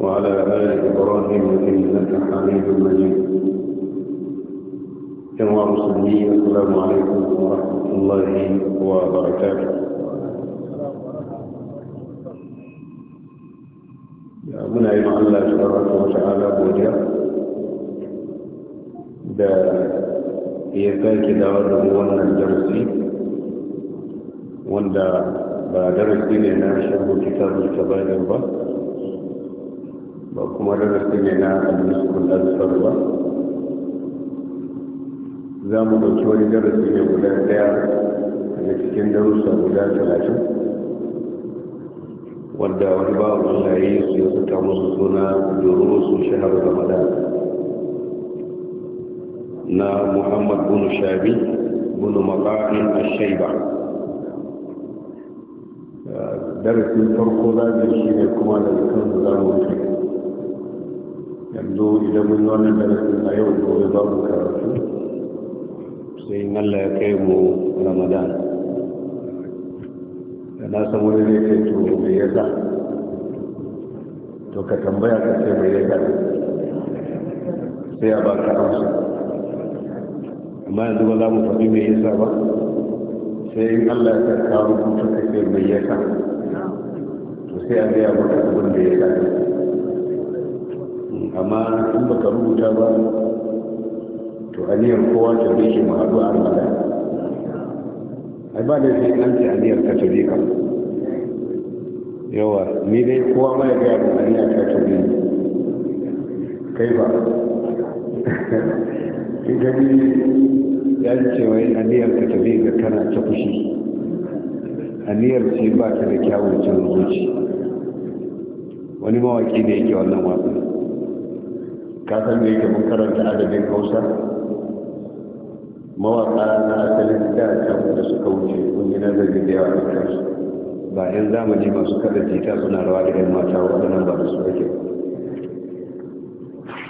وعلى آل إبراهيم إنك حميد مجيد كما أرسلني السلام عليكم ورحمة الله وبركاته من أي معلّة تبارك وتعالى بوجاء دا يتاك دار دموان الدرسي وان دا با درسي لنا شرب كتاب الكبائر الباب kuma rarrafi ne na al-musul al-asfar ba za mu dauki wani darasi ne guda daya daga cikin darussa guda talatin wanda wani bawan Allah ya yi su ya saka musu suna durusu shahar ramadan na muhammad bin shabi bin maqamin ash-shayba darasin farko za mu shi ne kuma daga kan za mu yanzu idan mun wannan darasin a yau gobe babu karatu sai in Allah ya kai mu Ramadan da na san wani ne kai to me yasa to ka tambaya ka ce me yasa sai a ba ka amsa amma yanzu ba za mu faɗi me yasa ba sai in Allah ya kawo rubutu ka ce me yasa to sai a gaya maka abin da ya sa amma in baka rubuta ba to aniyar kowa ta bai shi mahaɗu a rana. ai ba da sai an ce aniyar ka tabi ka yawa ni dai kowa ma ya gaya mu aniyar ka tabi kai ba in ka bi ya cewa yin aniyar ka tabi ga kana ta fushi aniyar ce ba ta da kyawun cin zuci wani mawaki da yake wannan wasan ka san me yake mun karanta adabin hausa mawaka na asalin da ta da suka wuce kun yi nazari da yawa a kansu ba yan zamani masu kada jita suna rawa da yan mata waɗannan ba da su ake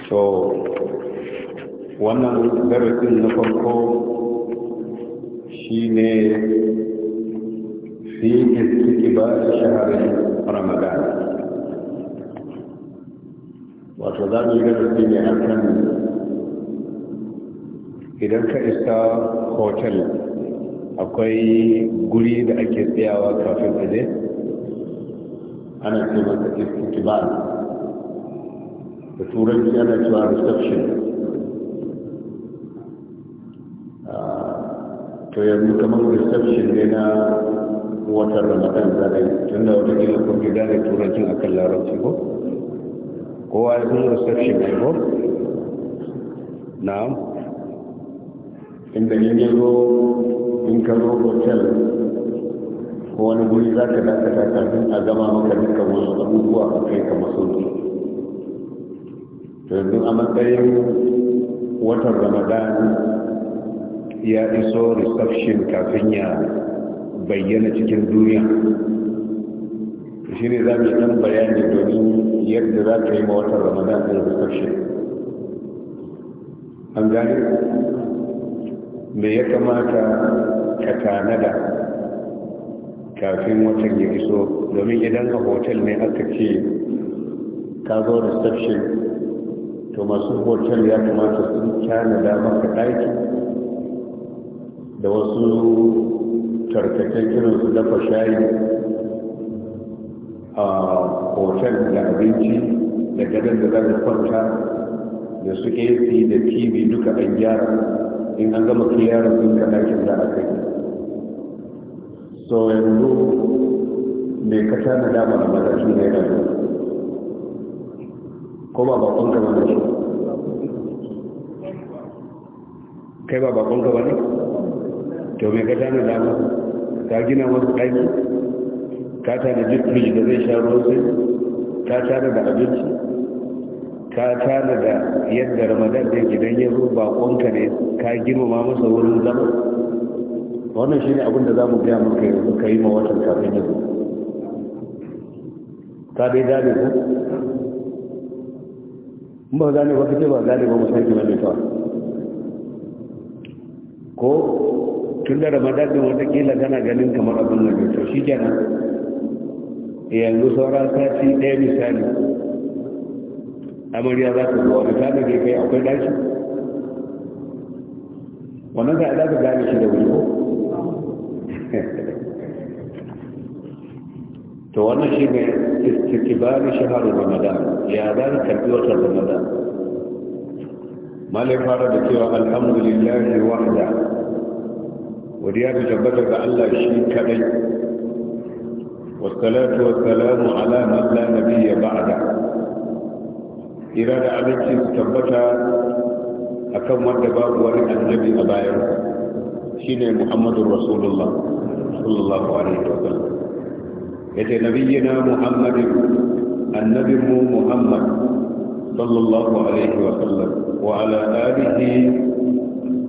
so wannan darasin na farko shi ne fi suke ba shaharar ramadan wato za mu yi darasi ne a kan idan ka isa hotel akwai guri da ake tsayawa kafin aje ana ce masa istitibal da turanci ana cewa reception ah, to yanzu kamar reception ne na watan ramadan tun da wata gina kun gida da turancin akan larabci ko kowa ya sun reception ne ko na'am inda in ya zo in ka zo hotel ko wani guri za ka dakata kafin a gama maka dukkan wasu abubuwa a kai ka masauki to yanzu a matsayin watan ramadan ya iso reception kafin ya bayyana cikin duniya shi ne za mu yi ɗan bayani domin yadda za ka yi ma watan ramadan ɗin ƙarshe an gane me ya kamata ka tanada kafin watan ya iso domin idan a hotel ne aka ce ka zo reception to masu hotel ya kamata sun tanada maka ɗaki da wasu tarkace kiran su dafa shayi a hotel da abinci da gadon da za ka kwanta da su ac da tv duka an gyara in an gama kiyarar sun ka ɗakin da aka yi so yanzu mai kasa na dama a matashi na yana da ko ba bakon ka ba shi kai ba bakon ka ba ne to mai kasa na dama ta gina wasu ɗaki ka tana jifri da zai sha ruwan sai ka tana da abinci ka tana da yadda ramadan da gidan ya zo kwanka ne ka girmama masa wurin zama wannan shi ne abinda za mu biya maka yanzu ka yi ma watan kafin yanzu ka dai gane ku ba gane ba kace ba gane ba ki wani ta ko tun da ramadan wata kila kana ganin kamar abin da to shi kenan yanzu sauran sati ɗaya misali amarya za ta zuwa misali da kai akwai dashi wannan za a za gane shi da wuri to wannan shi ne istikibari shaharar ramadan ya za ka karbi watan ramadan malai fara da cewa alhamdulillahi wahda wadiya ta tabbata ga Allah shi kadai والصلاة والسلام على من لا نبي بعده إرادة عليك تثبت أكم باب ولد النبي أبايه شين محمد رسول الله صلى الله عليه وسلم يتي نبينا محمد النبي محمد صلى الله عليه وسلم وعلى آله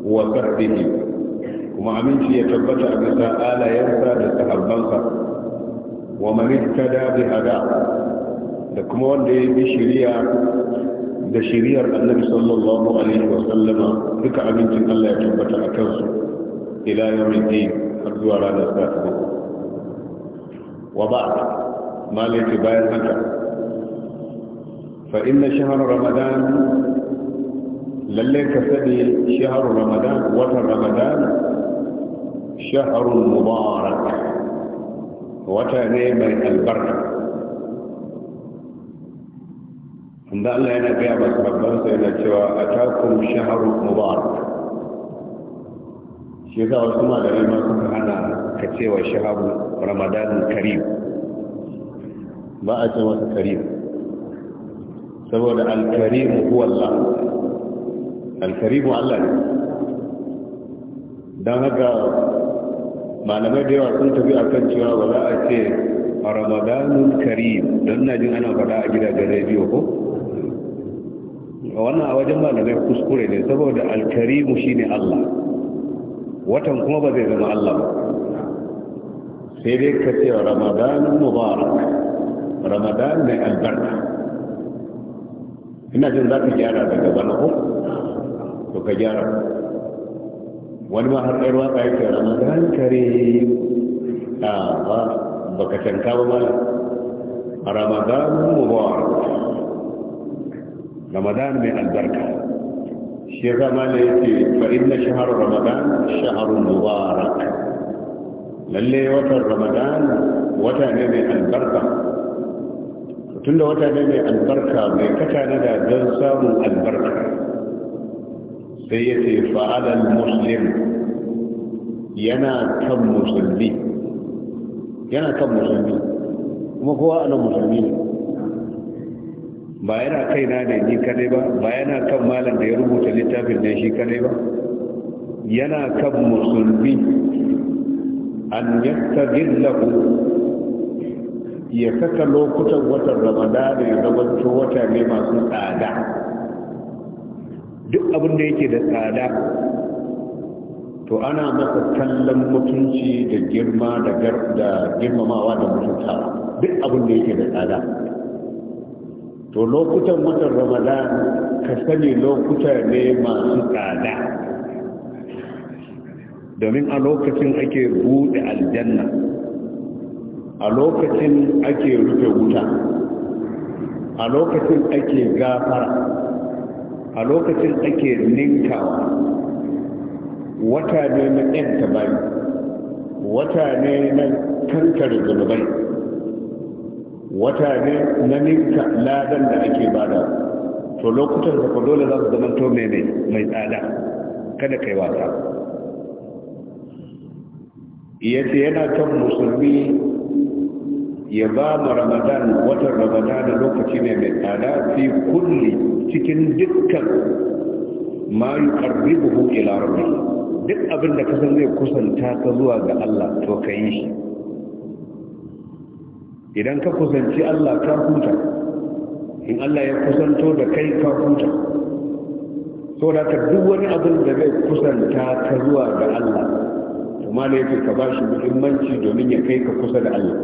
وصحبه وما من في tabbata a آل alayensa da ومن اهتدى بهدى لكم وندي بشريا بشريا النبي صلى الله عليه وسلم لك عمين تن الله يتوبة أكرس إلى يوم الدين أبدو على نساك وبعد ما لتباية مكة فإن شهر رمضان لليك سبي شهر رمضان وتر رمضان شهر مبارك wata ne mai albarka inda Allah yana gaya masu sai yana cewa a takun shaharu mubarak shi za wasu malamai ma suka hana ka cewa shaharu ramadan karim ba a ce masa karim saboda alkarimu huwa Allah alkarimu Allah ne don haka malamai da yawa sun tafi a kan cewa ba za a ce ramadanun karim don na jin ana faɗa a gidajen rediyo ko wannan a wajen malamai kuskure ne saboda alkarimu shine allah watan kuma ba zai zama allah ba sai dai ka ce ramadanun mubarak ramadan mai albarka ina jin za ka gyara daga bana ko to ka gyara wani ma har ɗayar waka yake ramadan kare a ba baka canka ba mala ramadan mubarak ramadan mai albarka shi ya zama ne yake fa'in na shaharar ramadan shaharun mubarak lalle watan ramadan wata ne mai albarka tunda wata ne mai albarka mai kata na da don samun albarka sai ya ce fa'alal muslim yana kan musulmi yana kan musulmi kuma kowa ana musulmi ne ba yana kaina da yi kadai ba ba yana kan malam da ya rubuta littafin da shi kadai ba yana kan musulmi an yastaghillahu ya saka lokutan watan ramadana ya zama wata ne masu tsada duk abin da yake da tsada to ana masa kallon mutunci da girma da girmamawa da mutuntawa duk abin da yake da tsada to lokutan watan ramadan ka sani lokuta ne masu tsada domin a lokacin ake buɗe aljanna a lokacin ake rufe wuta a lokacin ake gafara a lokacin ake ninkawa wata ne na ɗanta bai wata ne na kankar zunubai wata ne na ninka ladan da ake bada to lokutan da dole za su zama to mene mai tsada kada kai wata. iya ce yana kan musulmi ya ba mu ramadan watan ramadan lokaci ne mai tsada fi kulli cikin dukkan ma ƙarfi buhu rabbih duk abin da kasan zai kusanta ka zuwa ga Allah to ka yi shi idan ka kusanci Allah ka huta in Allah ya kusanto da kai ka huta da ka duk wani abin da zai kusanta ka zuwa ga Allah kuma ne yake ka bashi muhimmanci domin ya kai ka kusa da Allah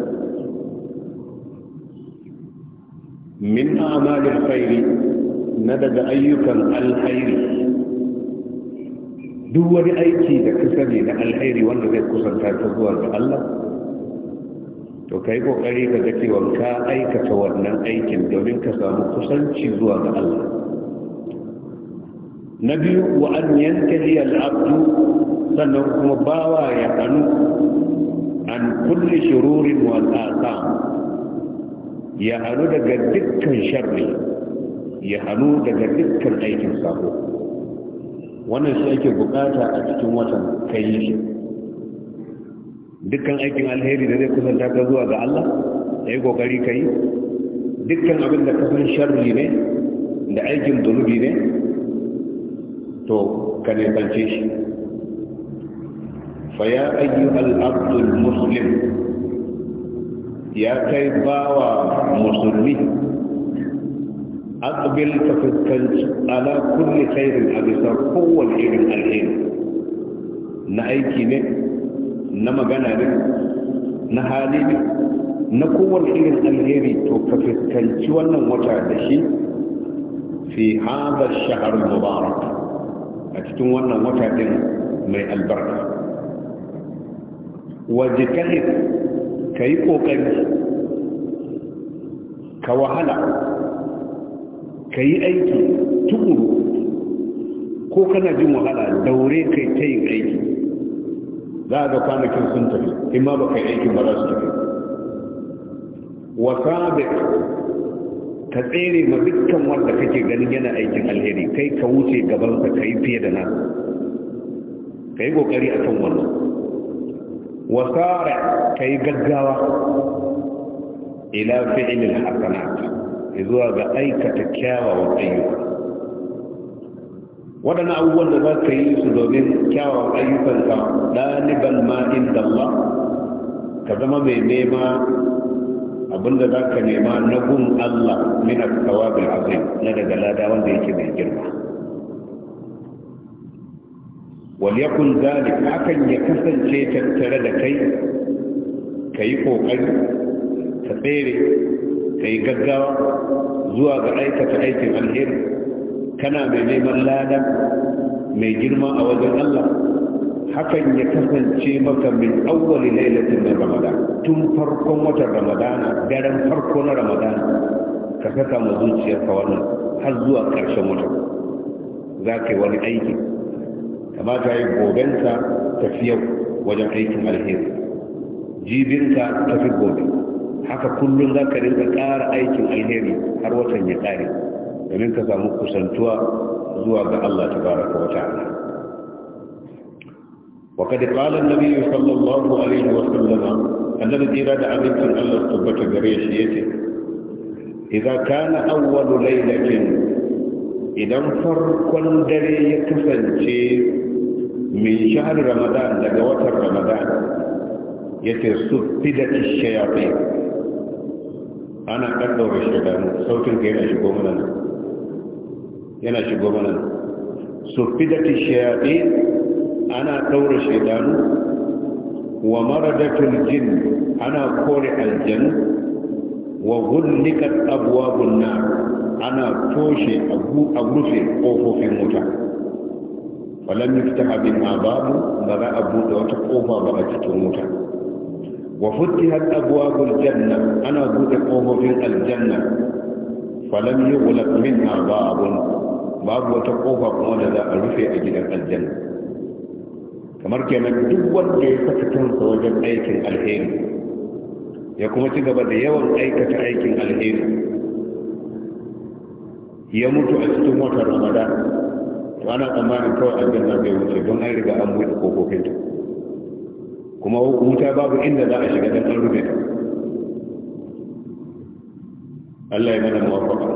min a'malil khairi na daga ayyukan alkhairi duk wani aiki da ka sani na alkhairi wanda zai kusanta ta zuwa ga Allah to kai kokari ka ga cewa ka aikata wannan aikin domin ka samu kusanci zuwa ga Allah na biyu wa an yantahi al-abdu sannan kuma bawa ya kanu an kulli shururin wal asam ya hanu daga dukkan sharri ya hannu daga dukkan aikin sako wannan shi ake bukata a cikin watan kai shi dukkan aikin alheri da zai kusanta ka zuwa ga Allah ya yi kokari ka yi dukkan abin da kafin sharri ne da aikin dulubi ne to ka nisance shi faya ayyuhal abdul muslim ya kai bawa musulmi aqbil ka fuskanci ala kulli khairin a bisa kowane irin alheri na aiki ne na magana ne na hali ne na kowane irin alheri to ka fuskanci wannan wata da shi fi hadha shahr mubarak a cikin wannan wata din mai albarka wajikahid ka yi ƙoƙari ka wahala ka yi aiki tukuru ko kana jin wahala daure kai ta yin aiki za a ga kwanakin sun tafi ma ba ka yi aikin ba za su tafi wasabik ka tsere ma dukkan wanda kake ganin yana aikin alheri kai ka wuce gabansa ka yi fiye da nan ka yi kokari a kan wannan wasara ka yi gaggawa ila fi'ilin hasanat zuwa ga aikata kyawawan ayyuka waɗannan abubuwan da za ka yi su domin kyawawan ayyukanka ɗaliban ma inda Allah ka zama mai nema abinda za ka nema na gun Allah min al azim na daga lada wanda yake mai girma wal yakun zalik hakan ya kasance tattare da kai kai kokari ka tsere ka yi gaggawa zuwa ga aikata aikin alheri kana mai neman lada mai girma a wajen Allah hakan ya kasance maka min awwali lailatin na ramadan tun farkon watan Ramadan, daren farko na Ramadan ka saka mu zuciyarka wannan har zuwa ƙarshen wata za ka yi wani aiki kamata yi gobensa tafi wajen aikin alheri jibinka tafi gobe haka kullum za ka rinka ƙara aikin alheri har watan ya ƙare domin ka samu kusantuwa zuwa ga Allah ta baraka wa ta'ala wa kad qala an-nabiy sallallahu alaihi wa sallam annabi jira da abincin Allah tabbata gare shi yace idza kana awwalu idan farkon dare ya kasance min shahar ramadan daga watan ramadan yace sufidat ash-shayatin ana ɗaɗɗaura shekaru saukin ka yana shigo mana nan yana shigo mana nan su fidati shayaɗe ana ɗaura shekaru wa maradatul jin ana kore aljan wa gullikat abwabun nar ana toshe a rufe kofofin wuta fita yuftaha biha babu ba za a buɗe wata kofa ba a cikin wuta وفتحت ابواب الجنه انا بوتقوه في الجنه فلم يغلق منها باب باب وتقوه قول لا الف اجل الجنه كما كان دوت كي تفتن سوجن ايك الخير يا تجب ان يوم ايك ايك الخير يموت أستموت موت رمضان وانا امان كو الجنه بيوتي دون ايرغا امويت كوكو فيتو kuma wuta babu inda za a shiga don an rufe Allah ya mana muwaffaqa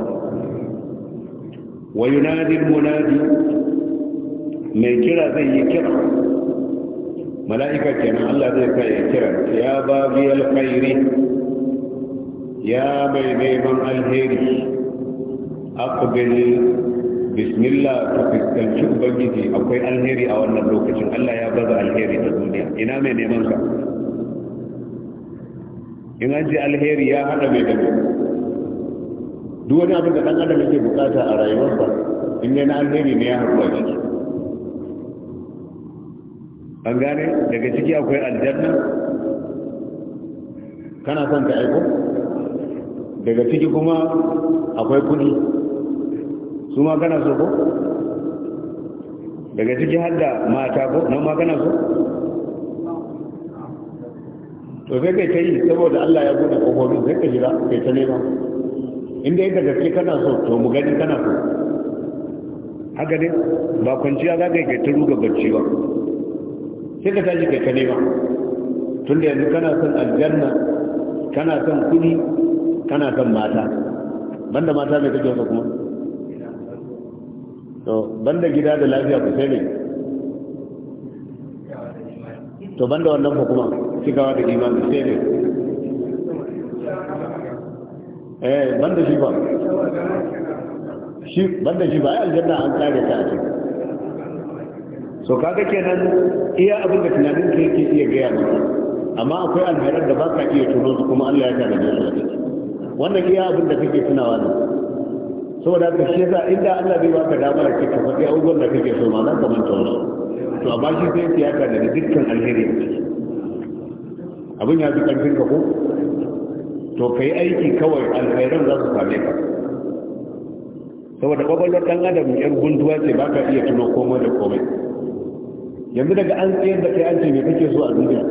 wa yunadi munadi mai kira zai yi kira mala'ika kenan Allah zai kai kira ya babu alkhairi ya bai neman alheri aqbil bismillah ka fuskanci ubangiji akwai alheri a wannan lokacin Allah ya baza alheri ta duniya ina mai neman ka ina ji alheri ya hada mai dabi duk wani abin da dan adam yake bukata a rayuwarsa in ne na alheri ne ya haɗuwa a ciki an gane daga ciki akwai aljanna kana son ka aiko daga ciki kuma akwai kuɗi su ma kana so ko daga ciki har da mata ko nan ma kana so to sai kai kai saboda Allah ya bude kofofi sai ka jira kai ta nema inda yadda gaske kana so to mu gani kana so haka ne ba kwanciya za ka yi kai ta ruga bacci ba sai ka tashi kai nema nema tunda yanzu kana son aljanna kana son kuɗi, kana son mata banda mata mai kake wasa kuma banda gida da lafiya ku sai ne to banda wannan fa kuma cikawa da imani sai ne eh banda shi ba shi banda shi ba ai aljanna an tsare ta a ciki so kaga kenan iya abin da tunanin ka yake iya gaya maka amma akwai alherar da baka iya tuno su kuma Allah ya tare da su wannan iya abin da kake tunawa ne saboda ka shi yasa inda Allah bai baka damar ka ka faɗi abubuwan da kake so ma za ka manta wasu to a bashi sai ka yaka da dukkan alheri abin ya fi ƙarfin ka ko to ka yi aiki kawai alkhairan za su same ka saboda ƙwaƙwalwar ɗan adam yar gunduwa ce ba ka iya tuno komai da komai yanzu daga an tsayar da kai an ce me kake so a duniya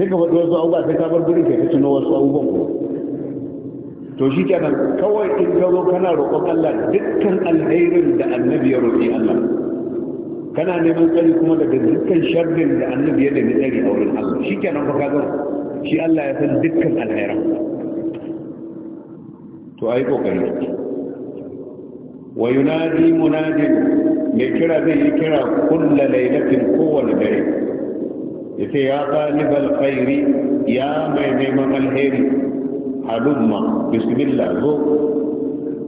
sai ka faɗi wasu abubuwa sai ka bar gurin kai ka tuno wasu abubuwan ko to shi kenan kawai in ka zo kana roƙon Allah dukkan alherin da annabi ya roƙi Allah kana neman tsari kuma daga dukkan sharrin da annabi ya nemi tsari a wurin Allah shi kenan ba ka zo shi Allah ya san dukkan alherin to ai kokari wa yunadi munadin mai kira zai yi kira kullu lailatin kowane dare yace ya qalibal khairi ya mai neman alheri alumma bismillah zo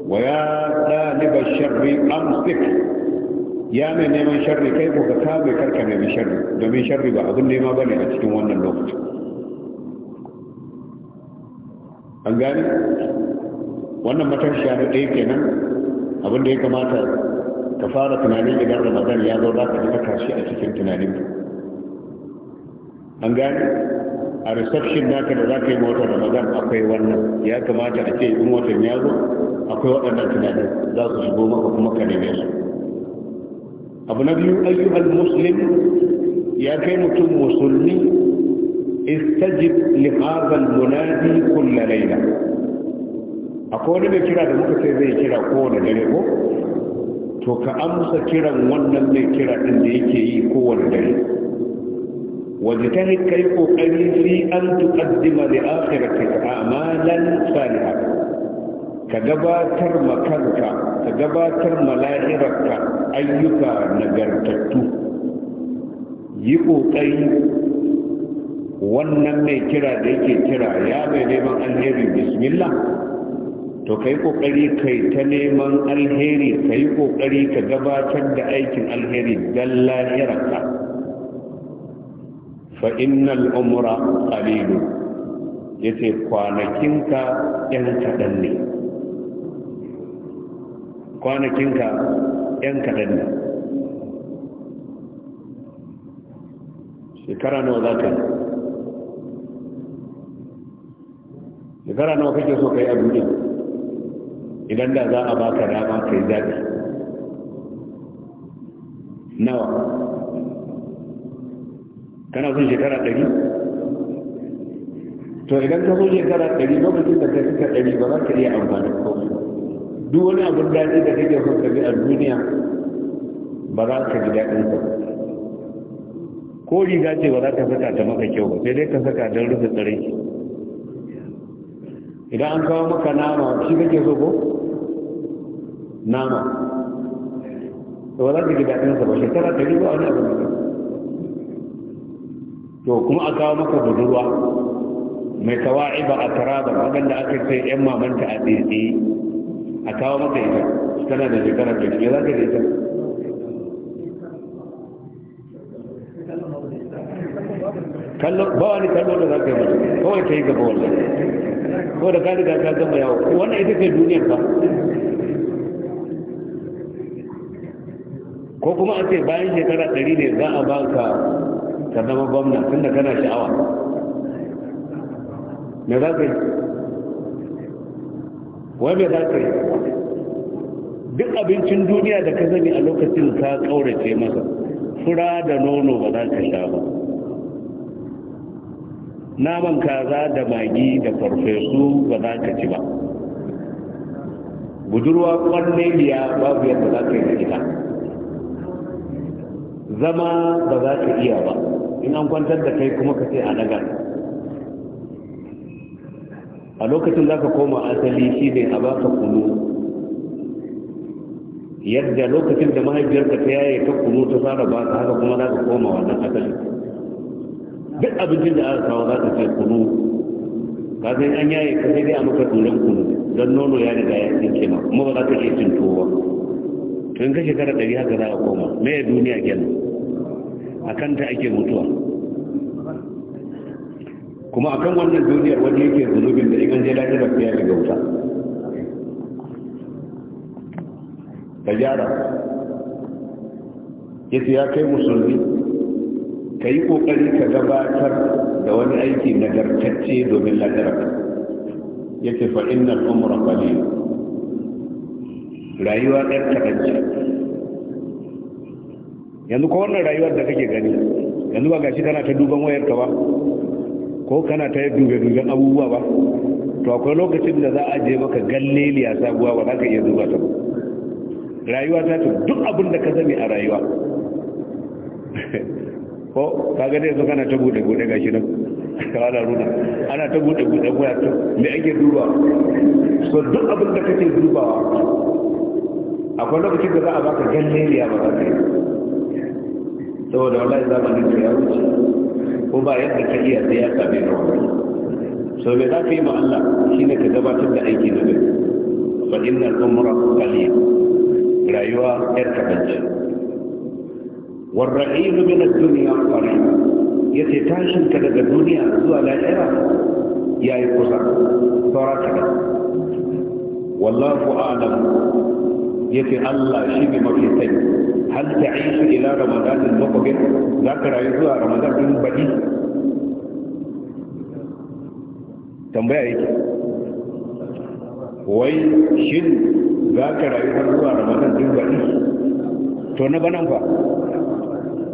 wa ya ɗalibar sharri amsik ya mai neman sharri kai ko ka kame karka nemi sharri domin sharri ba abin nema ba ne a cikin wannan lokaci an gani wannan matashiya na ɗaya kenan abin da ya kamata ka fara tunanin idan ramadan ya zo za ka saka shi a cikin tunanin an gani a reception naka da za ka yi ma da magan akwai wannan ya kamata a ce in watan ya zo akwai waɗannan tunanin za su shigo maka kuma ka neme su abu na biyu ayyuhal muslim ya kai mutum musulmi istajib li hadha munadi kull layla akwai wani mai kira da muka sai zai kira kowane dare ko to ka amsa kiran wannan mai kira din da yake yi kowane dare Waje wajtahid kai ƙoƙari fi an tuqaddima li akhiratika amalan salihah ka gabatar makanka ka gabatar mala'irarka ayyuka nagartattu yi kokari wannan mai kira da yake kira ya mai neman alheri bismillah to kai kokari kai ta neman alheri kai ƙoƙari ka gabatar da aikin alheri dan lahirarka فإن الأمر قليل يتي قوانكينك ينك دني قوانكينك ينك دني شكرانو ذاك شكرانو فجسوك يا أبو جن إذن ذا أباك راما كيزاك نوع kana son shekara ɗari to idan ka zo shekara ɗari lokacin da ka fita ɗari ba za ka iya amfani ko duk wani abin daɗi da kake son ka bi a duniya ba za ka ji daɗin ka ko riga ce ba za ka saka ta maka kyau ba sai dai ka saka don rufe tsare idan an kawo maka nama shi kake so ko nama ba za ka ji daɗin sa ba shekara ɗari ba wani abin da to kuma a kawo maka budurwa mai kawai ba a tara taraba waɗanda aka sai yan mamanta a tsaye a kawo maka ita tana da shekara ta shi za ka da ita ba wani kallo da za ka yi mata kawai ta yi gaba wannan ko da ka riga ka gama yawo wannan ita ce duniyar ba ko kuma a ce bayan shekara ɗari ne za a baka ka zama gwamna tun da kana sha'awa me za ka yi wai me za ka yi duk abincin duniya da ka sani a lokacin ka ƙaurace masa fura da nono ba za ka sha ba naman kaza da magi da farfesu ba za ka ci ba budurwa kwanne biya babu yadda za ka yi da ita zama ba za ka iya ba in an kwantar da kai kuma ka ce a daga a lokacin za ka koma asali shi ne a ba ka kunu yadda lokacin da mahaifiyarka ta yaye ka kunu ta fara ba ka haka kuma za ka koma wannan asali duk abincin da aka kawo za ka ce kunu ka sai an yaye ka sai dai a maka turan kunu don nono ya riga ya tsinke ma kuma ba za ka iya cin tuwa tun ka shekara ɗari haka za ka koma me duniya kenan a ta ake mutuwa kuma akan wannan duniyar wani yake zunubin da ikan je lafiya da ya shiga wuta ka gyara yace ya kai musulmi ka yi ƙoƙari ka gabatar da wani aiki nagartacce domin lafiyarka yace fa innal umra qalil rayuwa ɗan kaɗan yanzu ko wannan rayuwar da kake gani yanzu ba gashi kana ta duban wayar ka ba ko kana ta dube duben abubuwa ba to akwai lokacin da za a je maka ya sabuwa ba za ka iya zuba ta rayuwa ta ce duk abin da ka zame a rayuwa ko ka ga dai kana ta bude bude gashi nan kana runa ana ta bude bude goya to me ake duba so duk abin da kake dubawa akwai lokacin da za a baka ya ba ka yi tó saboda wallahi zamanin ka ya wuce ko ba yadda ka iya sai ya same ka wallahi so me za ka yi ma Allah shine ka gabatar da aiki na gari fa inna al-umra qalil rayuwa yar kadan ce والرحيل من الدنيا قريب يتتاشن كذا الدنيا زوال الآخرة يا يقصر فراتك والله أعلم يتي الله شيء ما في سنه hal ta'ishu ila ramadan al-muqbil zaka rayu zuwa ramadan din baki tambaya yake wai shin zaka rayu har zuwa ramadan din baki to na banan fa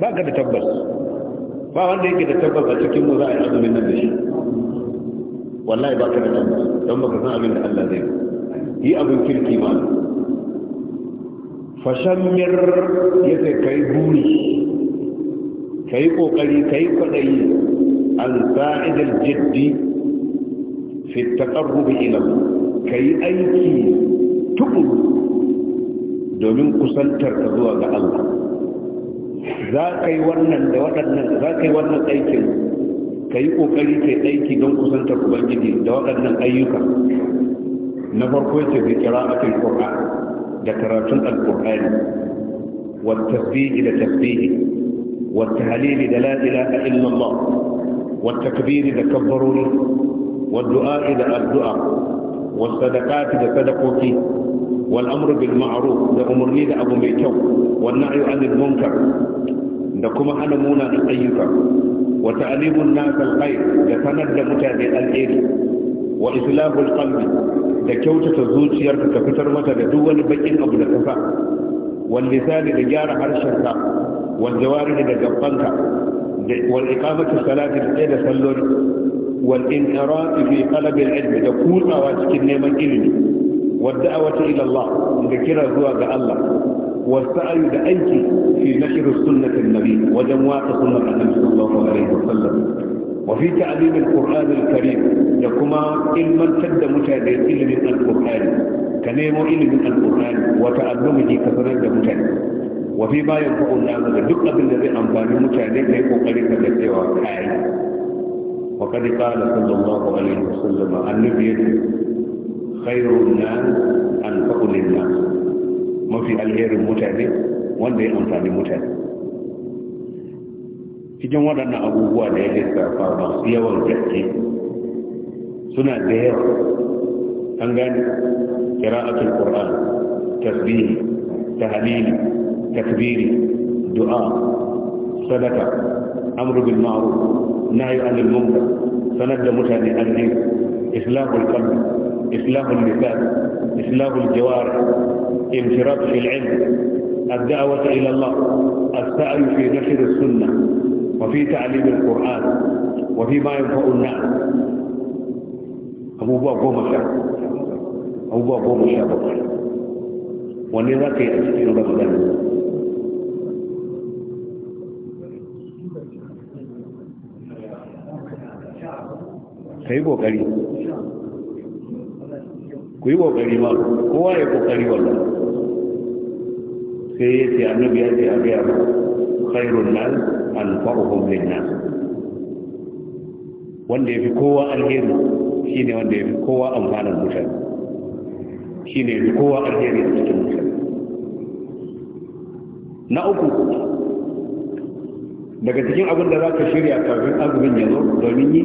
ba ka da tabbas ba wanda yake da tabbas a cikin mu za a yi azumin nan da shi wallahi ba ka da tabbas don ba ka san abin da Allah zai yi abin kirki ma fashammir ya ce ka yi buri ka yi ƙoƙari ka yi kwaɗayi an sa'idar jiddi fi taƙarrubi ilam ka yi aiki tukuru domin kusantar ka zuwa ga Allah za ka yi wannan da waɗannan za ka yi wannan aikin ka yi ƙoƙari ka yi aiki don kusantar ubangiji da waɗannan ayyuka na farko ya ce zikira a kan ƙur'an da karatun alkur'ani والتسبيح إلى تسبيح والتهليل إلى لا إله إلا الله والتكبير إذا كبروني والدعاء إذا الدعاء والصدقات إذا صدقوكي والأمر بالمعروف إذا أمرني إذا أبو ميتو والنعي عن المنكر إذا كما أنا مونا نقيك وتعليم الناس الخير إذا تندى متابع الإيد wa islahul qalbi da kyautata zuciyarka ka fitar mata da duk wani bakin abu da kasa wal lisani da gyara harshenka wal jawari da gabbanka wal iqamati salati da da salloli wal inqirati fi qalbi al ilmi da kutsawa cikin neman ilimi wad da'awati ila Allah da kira zuwa ga Allah da aiki والسعي بأيدي في نشر سنة النبي وجمع سنة النبي صلى الله عليه وسلم وفي تعليم القرآن الكريم لكما علما تد متعد علم القرآن كنيم علم القرآن وتعلمه كفرد متعد وفي ما ينفع الناس دقة الذي أنفعني متعد كيف قريب كتوى كاي وقد قال صلى الله عليه وسلم النبي خير الناس أنفع للناس ما في الهير المتعد وانده أنفعني متعد idan waɗannan abubuwa da ya lissafa masu yawan gaske suna da yawa an gani kira'atul qur'an tasbihi tahlili takbiri du'a sadaka amru bil ma'ruf nahyu anil munkar sanad da mutane annin islahul qalbi islahul lisan islahul jawar inshirah fil ilm الدعوة إلى الله السعي في نشر السنة وفي تعليم القرآن وفي ما ينفع الناس أبو باب هو مشاهد أبو باب هو مشاهد ولذلك يأتينا بغداد كيبو قريب kuiwa kalima kuwa yako kaliwa sayyidi annabi aje abiya khairun nas anfa'uhum lin wanda yafi kowa alheri shine wanda yafi kowa amfanar mutane shine yafi kowa alheri a cikin mutane na uku daga cikin abin da za ka shirya kafin azumin ya zo domin yi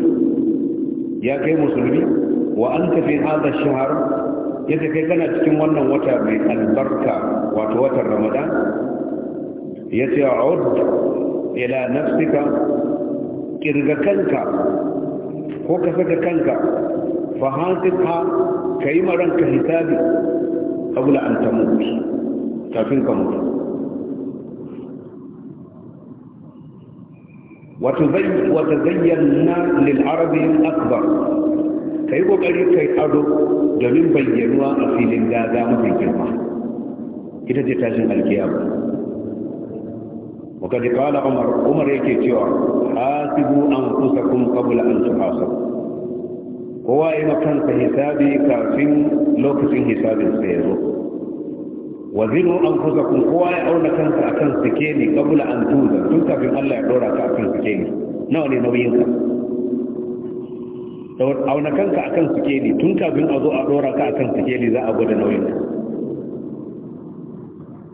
ya kai musulmi wa an tafi hada shahar yadda kai kana cikin wannan wata mai albarka wato watan ramadan يتي يتعود الى نفسك كرغكنك وكفككنك فهاتك كيما رنك حسابي قبل ان تموت كافين كموت وتزين وتزين للعرب الاكبر كيف قريب كي ادو دمين بينوا افيلين دادا مبين كلمة كده تتازم القيامة وقد قال عمر عمر yake cewa hasibu anfusakum qabla an tuhasabu kowa yi makansa hisabi kafin lokacin hisabin sa ya zo an anfusakum kowa ya auna kansa akan sikeli qabla an tuza tun kafin Allah ya dora ka akan sikeli nawa ne nauyin ka auna kanka akan sikeli tun kafin a zo a dora ka akan sikeli za a gwada nauyin ka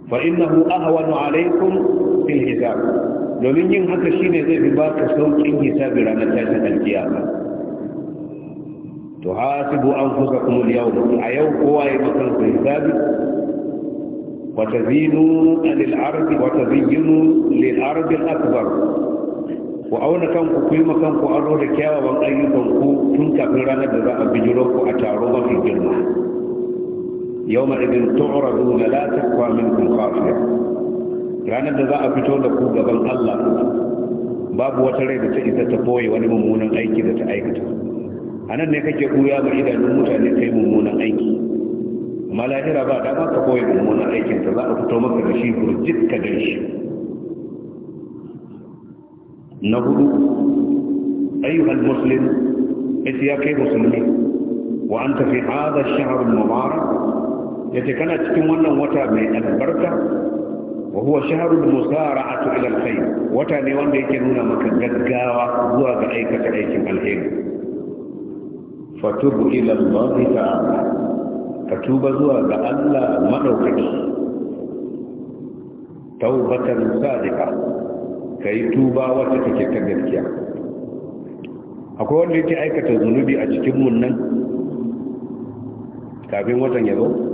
fa innahu ahwanu alaikum fil hisab domin yin haka shine zai bi baka saukin hisabi ranar tashin alkiyama to hasibu anfusakum al-yawm a yau kowa ya makan hisabi wa tazinu lil ardi wa tazinu lil ardi al-akbar ku auna kanku ku yi ku aro da kyawawan ayyukan ku tun kafin ranar da za a bijiro ku a taro mafi girma yawma'idin tu'raduna la takfa minkum khafiya ranar da za a fito da ku gaban Allah babu wata rai da ta isa ta boye wani mummunan aiki da ta aikata a nan ne kake kuya ga idanun mutane kai mummunan aiki malahira ba dama ka boye mummunan aikin ta za a fito maka da shi burjit ka da shi na hudu ayyuhal muslim ita ya kai musulmi wa anta fi hadha ash-shahr al-mubarak Yace kana cikin wannan wata mai albarka wa huwa shahrul musara'atu ila alkhair wata ne wanda yake nuna maka gaggawa zuwa ga aikata aikin alheri fatubu ila allahi ta'ala ka tuba zuwa ga Allah madaukaki tawbatan sadiqa kai tuba wacce take ta gaskiya akwai wanda yake aikata zunubi a cikin mun nan kafin watan yabo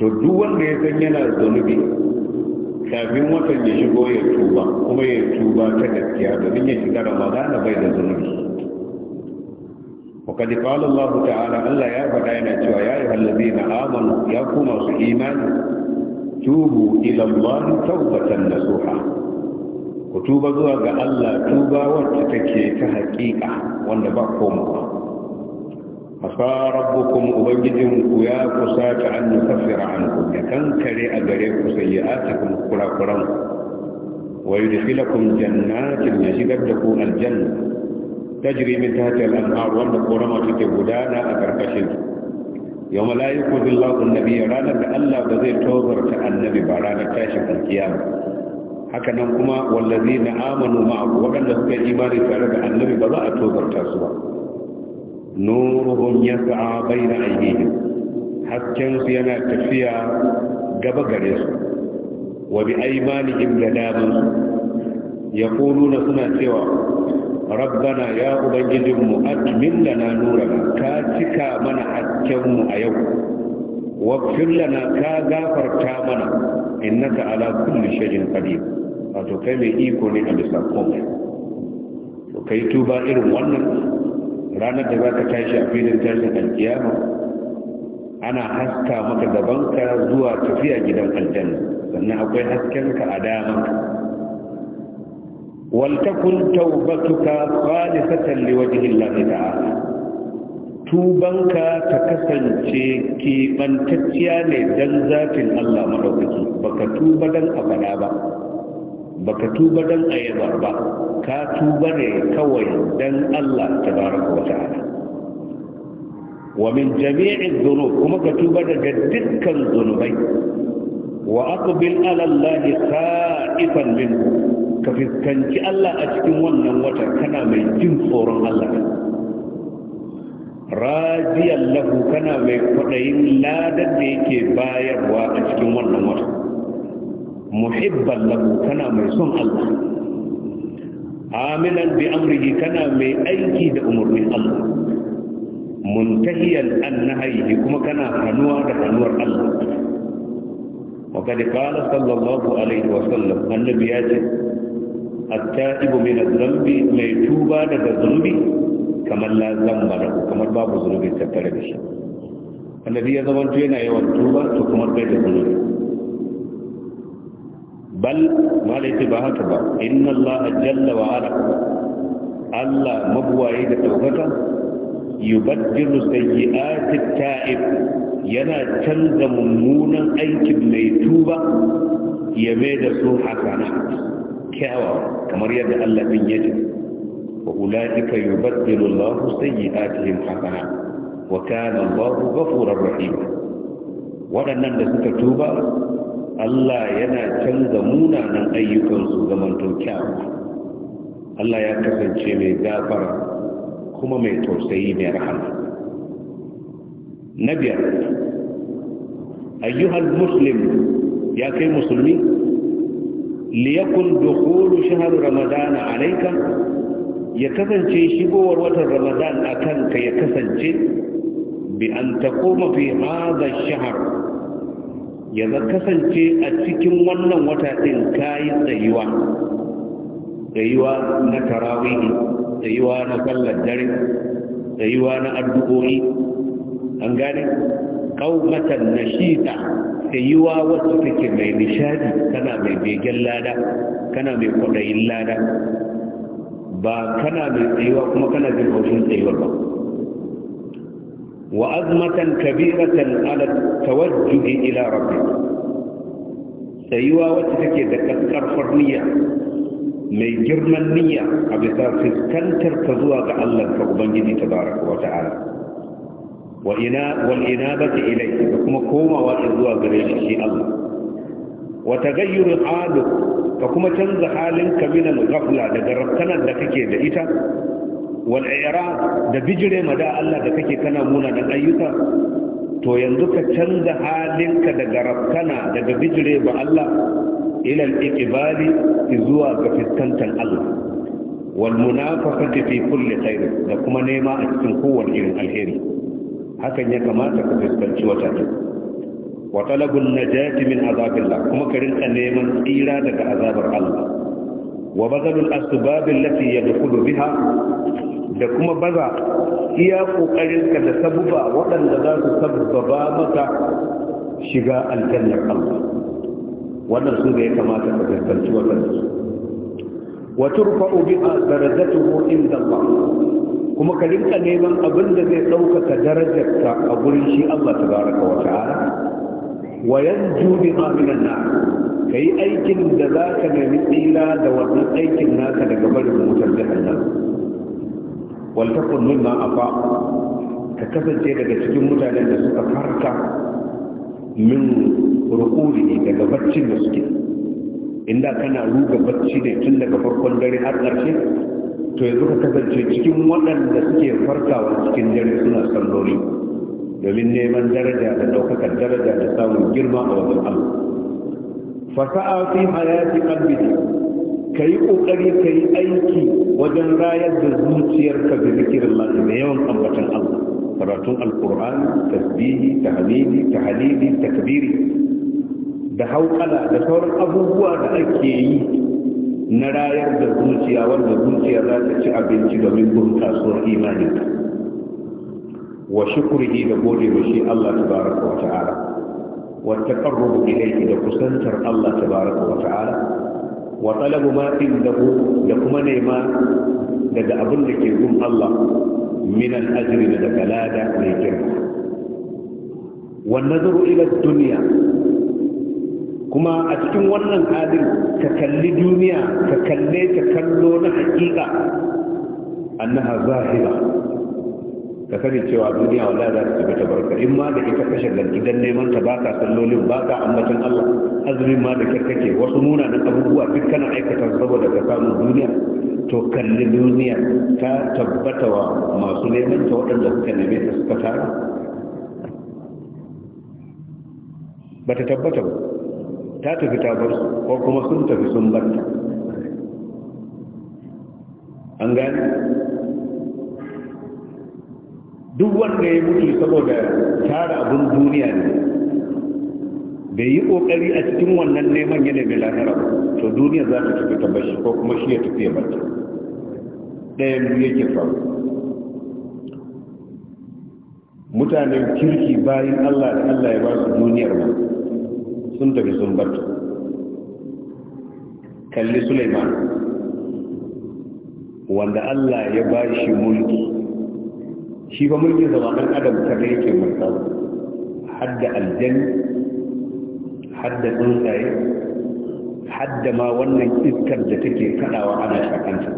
to duk wanda ya san yana zunubi kafin watan ya shigo ya tuba kuma ya tuba ta gaskiya domin ya shiga ramadana bai da zunubi وقد قال ta'ala Allah ya faɗa yana cewa ya ayyuhallazina amanu ya ku masu imani tubu ila Allah tawbatan nasuha ku tuba zuwa ga Allah tuba wacce take ta haƙiƙa wanda ba komawa. asa rabbukum ubangijin ku ya kusa ta an yukaffira ankum ya kankare a gare ku sayyi'atukum kurakuran wa yudkhilakum jannatin ya shigar da ku aljanna tajri min tahtiha al-anhar wanda korama take gudana a karkashin yau mala'iku billahu annabi ranar da Allah ba zai tozarta annabi ba ranar tashin alkiyama haka nan kuma wallazi na amanu ma'a waɗanda suka yi imani tare da annabi ba za a tozarta su ba nuruhum yas'a bayna aydihim hasken su yana tafiya gaba gare su wa bi aymanihim da yaquluna suna cewa rabbana ya ubangijin mu atmin lana nurana ka cika mana mu a yau waqfir lana ka gafarta mana innaka ala kulli shay'in qadir wato kai mai iko ne a bisa komai to kai tuba irin wannan ranar da za ka tashi a filin tashin alkiyama ana haska maka gabanka zuwa tafiya gidan aljanna sannan akwai hasken ka a damanka waltakun taubatuka khalisatan liwajhi Allah ta'ala tubanka ta kasance kibantacciya ne dan zafin Allah madaukaki baka tuba dan abada ba baka tuba dan ayaba ba ka tuba ne kawai dan Allah tabaraka wa ta'ala wa min jami'i dhunub kuma ka tuba daga dukkan zunubai wa aqbil ala Allah khaifan ka fiskanci Allah a cikin wannan wata kana mai jin tsoron Allah rajiyan lafu kana mai kwaɗayin ladar da yake bayarwa a cikin wannan wata muhibban lahu kana mai son Allah amilan bi amrihi kana mai aiki da umarnin Allah muntahiyan an nahyihi kuma kana hanuwa da hanuwar Allah wa kad qala sallallahu alaihi wa sallam annabi ya ce at-ta'ibu min adh-dhanbi mai tuba daga zunubi kamar la zamba da kamar babu zunubi tattare da shi annabi ya zamanto yana yawan tuba to kuma bai da zunubi بل ما ليس بهاكبا إن الله جل وعلا الله مبوائد توبتا يبدل سيئات التائب ينا تنز ممونا أيك بميتوبة يميد سوحا كانا كاوا كما رياد الله من يجب وأولئك يبدل الله سيئاتهم حسنا وكان الله غفورا رحيما ولن نندس كتوبة Allah yana canza munanan ayyukansu zamanto kyawu Allah ya kasance mai gafara kuma mai tausayi mai rahama na biyar ayyuhal muslim ya kai musulmi liyakun dukhulu shahar ramadan alaika, ya kasance shigowar watan ramadan a kanka ya kasance bi an taquma fi hadha ya ga kasance a cikin wannan wata ɗin yi tsayuwa tsayuwa na tarawihi tsayuwa na sallar dare tsayuwa na addu'o'i an gane shi ta tsayuwa wacce take mai nishadi kana mai begen lada kana mai kwaɗayin lada ba kana mai tsayuwa kuma kana jin haushin tsayuwar ba وأزمة كبيرة على التوجه إلى ربك سيوا وتفكي ذكت كرفر نية مي جرم النية أبسار فسكنتر كذوا الله فأبنجي تبارك وتعالى وإنا والإنابة إليه كما كوما وإذوا قريش شيء الله وتغير العادة كما تنزح حالك من الغفلة لقربتنا لكي دئتا wal da bijire ma da Allah da kake kana muna da ayyuka to yanzu ka canza halinka daga rafkana daga bijire ba Allah ilal al-iqbali zuwa ga fiskantar Allah wal ta fi kulli khair da kuma nema a cikin kowanne irin alheri hakan ya kamata ka fuskanci wata ta wa talabun najati min azabillah kuma ka rinka neman tsira daga azabar Allah wa bazalul asbab allati yadkhulu biha da kuma baza iya ƙoƙarinka da sabuba waɗanda za su sababa maka shiga aljannar Allah wannan su da ya kamata ka fuskanci waɗanda su wa ubi a darajatuhu inda Allah kuma ka rinka neman abin da zai ɗaukaka darajarka a gurin shi Allah tabaraka wa ta'ala wa yanju biha minan nar kai aikin da zaka nemi tsira da wannan aikin naka daga barin wutar jahannam waltakun mimma afa ka kasance daga cikin mutanen da suka farka min rukuri daga baccin da suke inda kana ruga bacci ne tun daga farkon dare har ƙarshe to yanzu ka kasance cikin waɗanda suke farkawa cikin dare suna sallori domin neman daraja da ɗaukakar daraja da samun girma a wajen Allah fasa'a fi hayati qalbi ka yi ƙoƙari ka yi aiki wajen rayar da zuciyarka da zikirin Allah da yawan ambatan Allah karatun Alkur'an, tasbihi tahmidi tahlili takbiri da hauƙala da sauran abubuwa da ake yi na rayar da zuciya wanda zuciya za ta ci abinci domin bunkasuwar imaninka wa shukrihi da gode wa shi Allah tabaraka wa ta'ala wa taqarrubu ilayhi da kusantar Allah tabaraka wa ta'ala wa talabu ma indahu da kuma nema daga abin da ke gun Allah min al-ajri da daga lada mai girma wa nazaru ila dunya kuma a cikin wannan halin ka kalli duniya ka kalle ta kallo na hakika annaha zahira ka sani cewa duniya wala za ta tafi tabarka in ma da ita kashe garki idan neman ta ba ka sallolin ba ka ambatan Allah azumin ma da kyar kake wasu munanan abubuwa duk kana aikata saboda ka samu duniya to kalli duniya ta tabbata wa masu neman ta waɗanda suka neme ta suka tara ba ta tabbata ba ta tafi ta bar su ko kuma sun tafi sun bar ta an gane duk wanda ya mutu saboda tara abin duniya ne bai yi kokari a cikin wannan neman ya mai lahira to duniya za ta tafi tabbashi ko kuma shi ya tafi ya bata ɗayan biyu yake faru mutanen kirki bayan allah da allah ya ba su duniyar ma sun tafi sun bata kalli suleiman wanda allah ya ba shi mulki shi ba mulkin zama ɗan adam kada yake mulka hadda aljan hadda tsuntsaye hadda ma wannan iskar da take kaɗawa ana shakanta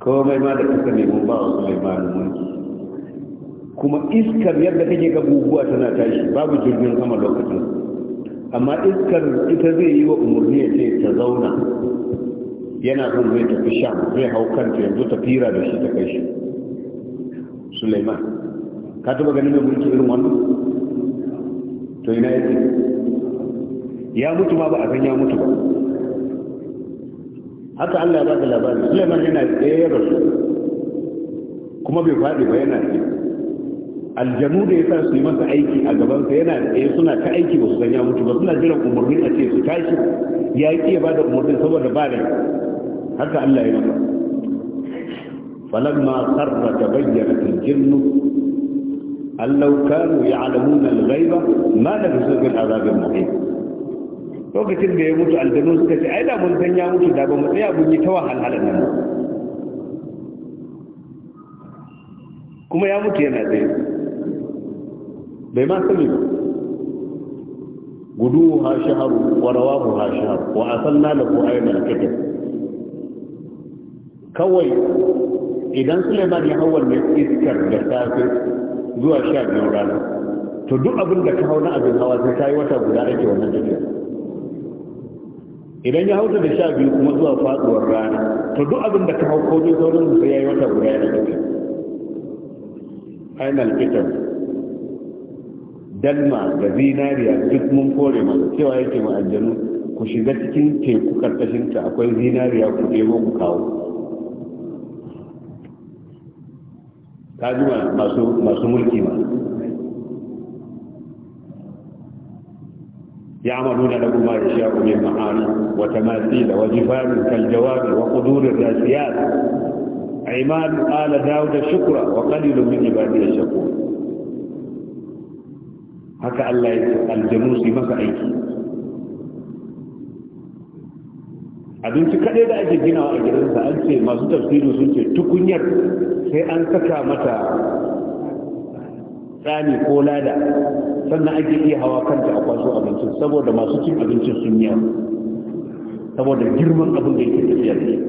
komai ma da kusa neman ba wasu mai da mulki kuma iskar yadda take ga guguwa tana tashi babu jirgin sama lokacin amma iskar ita zai yi wa umarni ya ce ta zauna yana son zai tafi sham zai hau kanta yanzu ta fira da shi ta kai shi Sulaiman ka taba ganin mai mulki irin wannan to ina yake ya mutu ma ba a san ya mutu ba haka Allah ya bada labari Sulaiman yana tsaye rasu kuma bai faɗi ba yana tsaye aljanu da ya sa su yi masa aiki a gaban sa yana tsaye suna ta aiki ba su san ya mutu ba suna jiran umarni a ce su tashi ya ki ya bada umarni saboda ba da haka Allah ya masa فلما خر تبينت الجن أن لو كانوا يعلمون الغيبة ما لبسوا في العذاب المحيط وقت اللي يموت على الدنوس كتير أنا من الدنيا موت دابا مطيع يتوهل على النمو كما يموت يا نادي بما سمي قدوها شهر ورواهها شهر وأصلنا له أين الكتب كوي idan suleiman ya hau wannan iskar da safe zuwa sha biyu rana to duk abin da ka hau na abin hawa sai ta yi wata guda ake wannan tafiyar idan ya hauta da sha biyu kuma zuwa faduwar rana to duk abin da ka hau ko zai sauran sai ya yi wata guda yana tafiya final fitar dalma da zinariya duk mun kore masa cewa yake ma'ajanu ku shiga cikin teku karkashinta akwai zinariya ku ɗebo ku kawo ta ji masu mulki ba ya amadu na lagu mai shi abu mai ma'ana wata masu da waje fadin kaljawabi wa kudurin da siya a imanu ala dawo da shukura wa kalilu min ibadi da shakku haka allah ya ce aljanu su maka aiki abinci kaɗai da ake ginawa a gidansa an ce masu tafsiri sun ce tukunyar sai an saka mata tsani ko lada sannan ake iya hawa kanta a kwaso abincin saboda masu cin abincin sun yi saboda girman abin da yake tafiya ne shi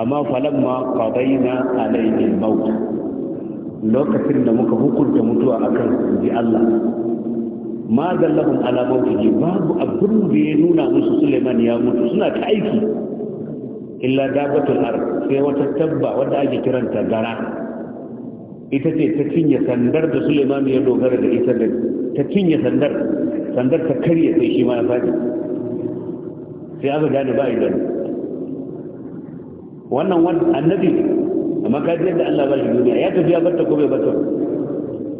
amma falamma qadaina na al-maut lokacin da muka hukunta mutuwa akan ji Allah ma zallahum ala mawtihi babu abin da ya nuna musu Suleiman ya mutu suna ta aiki illa dabatul ar sai wata tabba wanda ake kiranta gara ita ce ta cinye sandar da Suleiman ya dogara da ita da ta cinye sandar sandar ta karye sai shi ma ya fadi sai aka gane ba idan wannan wannan annabi amma kaje yadda Allah ba shi duniya ya tafi ya batta ko bai batta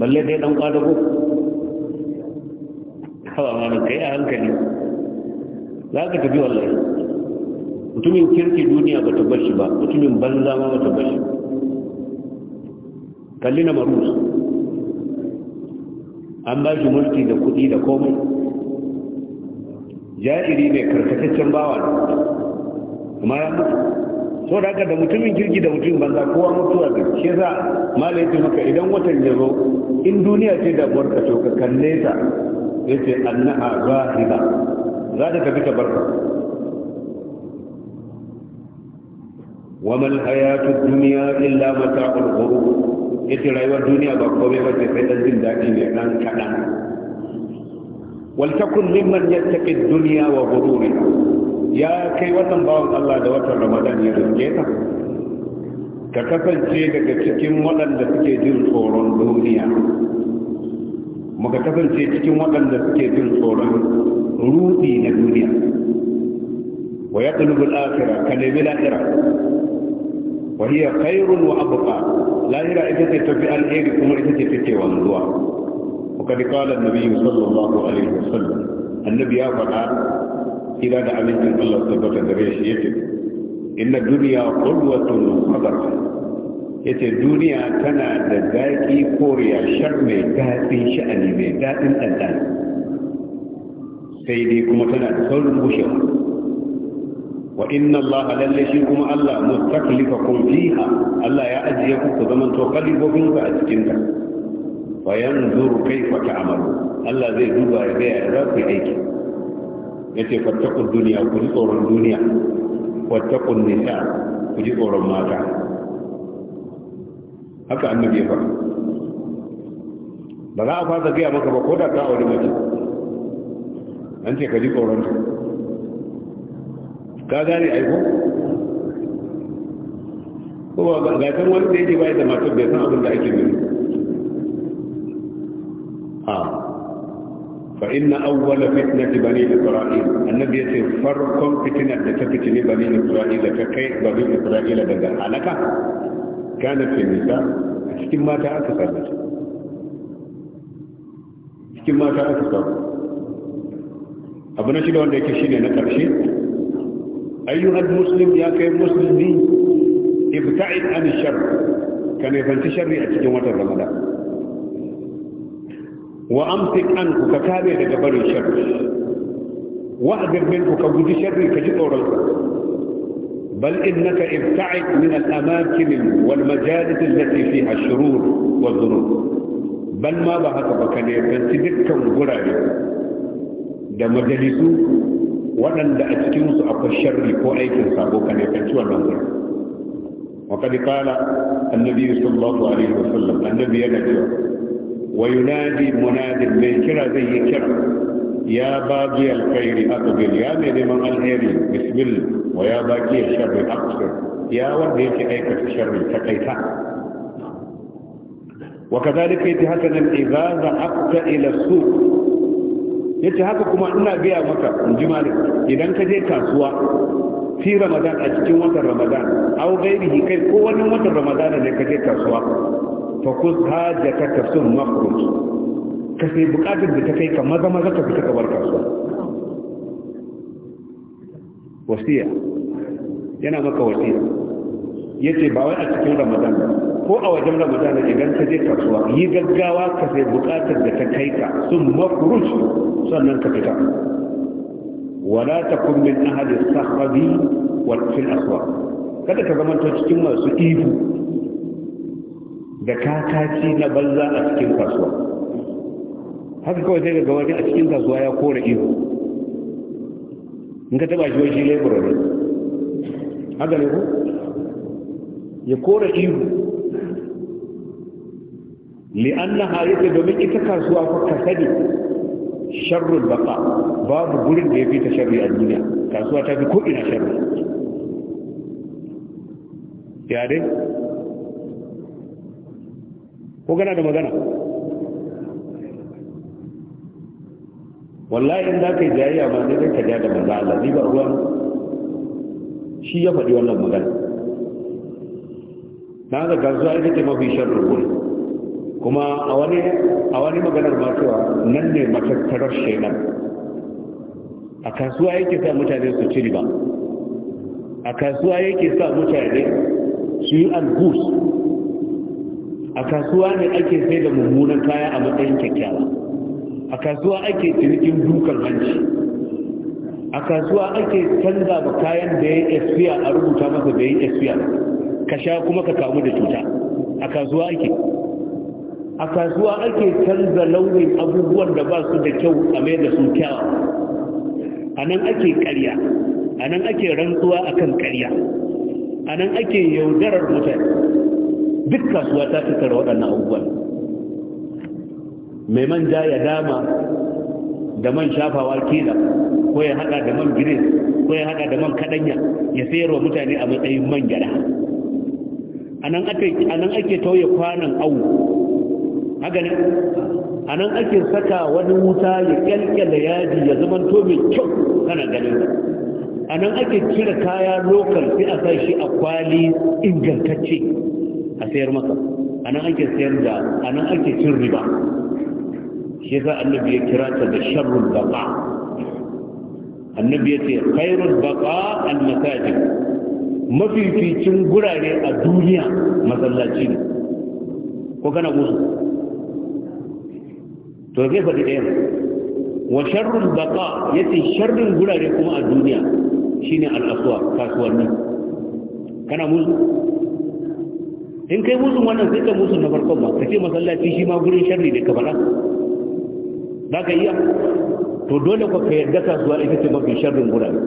balle dai dan ko. hawa malam kai a hankali za ka tafi wallahi mutumin kirki duniya ba ta bashi ba mutumin banza ma ba ta bashi kalli na marus an ba shi mulki da kuɗi da komai ja'iri mai karkataccen bawa kuma ya mutu so da haka da mutumin kirki da mutumin banza kowa a da shi yasa mala yace maka idan watan ya zo in duniya ce da buwar ka to ka kalle ta yace annaha zahiba za ta tafi tabarka wa mal hayatu dunya illa mata'ul ghurur yace rayuwar duniya ba kome ba ce sai dan jin dadi ne dan kaɗan. wal takun mimman yattaqi duniya wa ghururiha ya kai watan bawan Allah da watan Ramadan ya rike ta ka kasance daga cikin waɗanda suke jin tsoron duniya muka kasance cikin waɗanda suke jin tsoron rudi na duniya wa ya ɗalibin Asira ka nemi la'ira wa hiya khairun wa abqa lahira ita ce tafi alheri kuma ita ce take wanzuwa وقد قال النبي صلى الله عليه وسلم النبي يا فقا إذا دعا من الله ثبت دريش يتب إن الدنيا قدوة خضرة yace duniya tana da zaƙi koriya shar mai daɗin sha'ani mai daɗin ɗanɗan sai dai kuma tana da saurin bushe. wa inna Allah lalle shi kuma Allah mustaklifa kun fiha Allah ya ajiye ku ku zaman to kalibobin ku a cikin ta fa yanzuru kaifa ta'malu Allah zai duba ya ga ya za ku aiki yace fattaqu duniya ku ji tsoron duniya wattaqu nisa ku ji tsoron mata haka annabi ya faɗa ba za a fasa gaya maka ba ko da ka auri mace an ce ka ji ƙoranta. ka gane aiko ba ga gasan wani da yake bai da matar bai san abin da ake nuna a fa inna awwala fitnati bani isra'il annabi yace farkon fitinar da ta fitini bani da ta kai bani isra'ila daga halaka kana fi nisa a cikin mata aka samu cikin mata aka samu abu na shida wanda yake ne na ƙarshe ayyuhar muslim ya kai musulmi ibta'id an shar ka nefanci sharri a cikin watan ramadan wa amsik an ku ka kare daga barin sharri wa min ku ka guji sharri ka ji tsoron بل إنك ابتعد من الأماكن والمجالس التي فيها الشرور والذنوب بل ما بحث بكني فانتدك وقرأي da majalisu waɗanda a cikinsu akwai sharri ko aikin sabo ka ne kanci wannan gurin wa kad qala annabi sallallahu alaihi wasallam annabi yana cewa wa yunadi munadin mai kira zai yi kira ya bagi alkhairi aqbil ya mai neman alheri bismillah wa ya baki ya sharri aksir ya wanda yake aikata sharri ta kaita wa kazalika yace haka nan idza za'aqta ila suq yace haka kuma ina biya maka in ji malik idan ka je kasuwa fi ramadan a cikin watan ramadan aw gairihi kai ko wannan watan ramadan ne ka je kasuwa fa kus hajjaka ka sun makhruj ka sai bukatar da ta kai ka maza maza ka fita ka bar kasuwa wasiya yana maka wasiya yace ba wai a cikin ramadan ko a wajen ramadan idan ka je kasuwa yi gaggawa ka sai bukatar da ta kai ka sun mafurush sannan ka fita wala ta min ahalin sahabi wa fil aswaq kada ka zama to cikin masu ihu da kakaci na banza a cikin kasuwa haka kawai zai ga wani a cikin kasuwa ya kore ihu in ka taba shi wai shi lebura ne haka ne ku ya kora ihu li'annaha da domin ita kasuwa ko kasadi sharrul baqa babu gurin da yafi ta sharri a duniya kasuwa ta fi ko ina sharri ya dai ko gana da magana wallahi in za ka yi jayayya ba zai ka ja da manzo Allah ni ba ruwan shi ya faɗi wannan magana na ga kasuwa ita ce mafi sharri wuri kuma a wani a wani maganar ma cewa nan ne matattarar shaidan a kasuwa yake sa mutane su ci riba a kasuwa yake sa mutane su yi algus a kasuwa ne ake sai da mummunan kaya a matsayin kyakkyawa a kasuwa ake cinikin dukan hanci a kasuwa ake canza ba kayan da ya espiya a rubuta masa da ya espiya ka sha kuma ka kamu da cuta a kasuwa ake a kasuwa ake canza launin abubuwan da ba su da kyau a mai da su kyawa a nan ake karya a nan ake rantsuwa a kan karya a nan ake yaudarar mutane duk kasuwa ta fitar waɗannan abubuwan mai manja ya dama da man shafawa kila ko ya hada da man gire, ko ya hada da man kadanya ya sayarwa mutane a matsayin man gyada a nan ake tauye kwanan au, haka ne a nan ake saka wani wuta ya kyalkyala yaji ya zama to mai kyau kana ganin a nan ake cire kaya lokal sai a sa shi a kwali ingantacce a sayar maka a nan ake sayar da a nan ake cin riba shi za annabi ya kira ta da sharrul baqa annabi ya ce khairul baqa al masajid mafificin gurare a duniya masallaci ne ko kana gusu to zai faɗi ɗaya wa sharrul baqa yace sharrin gurare kuma a duniya shine al aswa kasuwanni kana musu in kai musu wannan sai ka musu na farkon ba ka ce masallaci shi ma gurin sharri ne ka faɗa za ka iya to dole ku ka yarda kasuwa ita ce mafi sharrin gurare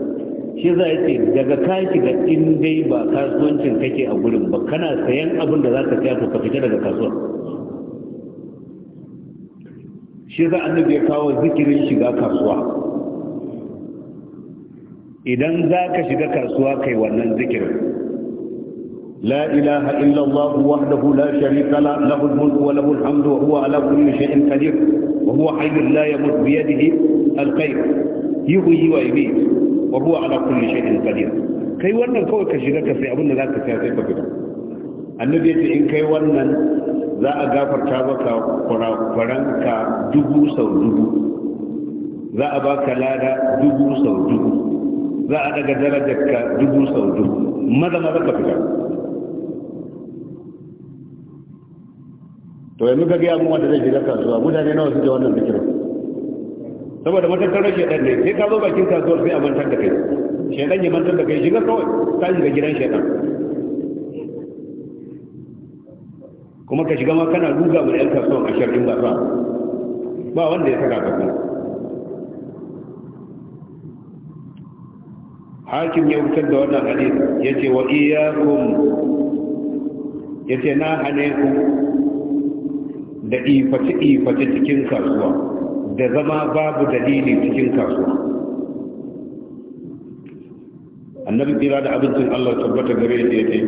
shi za ce daga ka shiga in dai ba kasuwancin kake a gurin ba kana sayan abin da za ka saya to ka fita daga kasuwa shi za a ya kawo zikirin shiga kasuwa idan za ka shiga kasuwa kai wannan zikirin لا إله إلا الله وحده لا شريك له له الملك وله الحمد وهو على كل شيء قدير وهو حي لا يموت بيده الخير يحيي ويميت وهو على كل شيء قدير kai wannan kawai ka shiga ka sai abin da za ka sai ka fita annabi yace in kai wannan za a gafarta maka kwaranka dubu sau dubu za a baka lada dubu sau dubu za a daga darajarka dubu sau dubu maza maza ka fita to yanzu ga gaya mu wanda zai shiga kasuwa mutane nawa suke wannan zikirin saboda matattarar shedan ne sai ka zo bakin kasuwar sai a mantar da kai shedan ya mantar da kai shiga kawai ka shiga gidan shedan kuma ka shiga ma kana ruga mu yan kasuwan a sharrin wasa ba wanda ya saka kasuwa hakim ya wutar da wannan hadisi ce wa iyyakum ce na hane ku da ifaci-ifaci cikin kasuwa da zama babu dalili cikin kasuwa annabi tsira da abincin allah tabbata gare da ya ce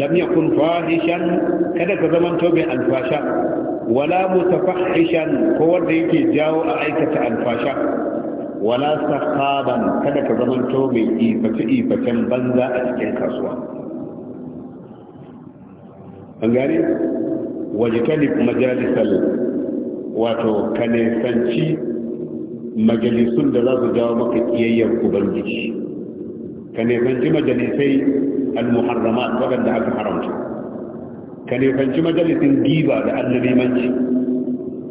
lam yakun fahishan kada ka zaman to mai alfasha wala mutafahishan ko wanda yake jawo a aikata alfasha wala sahaban kada ka zaman to mai ifaci ifacen banza a cikin kasuwa an gane wajtanib majalisal wato ka nisanci majalisun da za su jawo maka kiyayyar ubangiji ka nisanci majalisai al-muharrama waɗanda aka haramta ka nisanci majalisin giba da annabimanci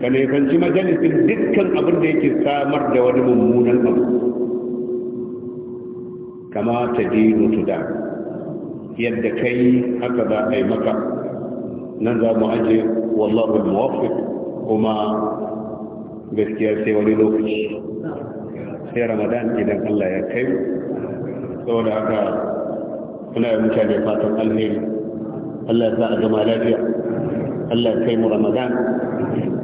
ka nisanci majalisin dukkan abin da yake samar da wani mummunan abu kama ta dinu tuda yadda kai haka za a yi maka nan za mu aje wallahu al-muwaffiq kuma gaskiya sai wani lokaci sai ramadan idan Allah ya kai saboda haka kuna yi mutane fatan alheri Allah ya sa a zama lafiya Allah ya kai mu ramadan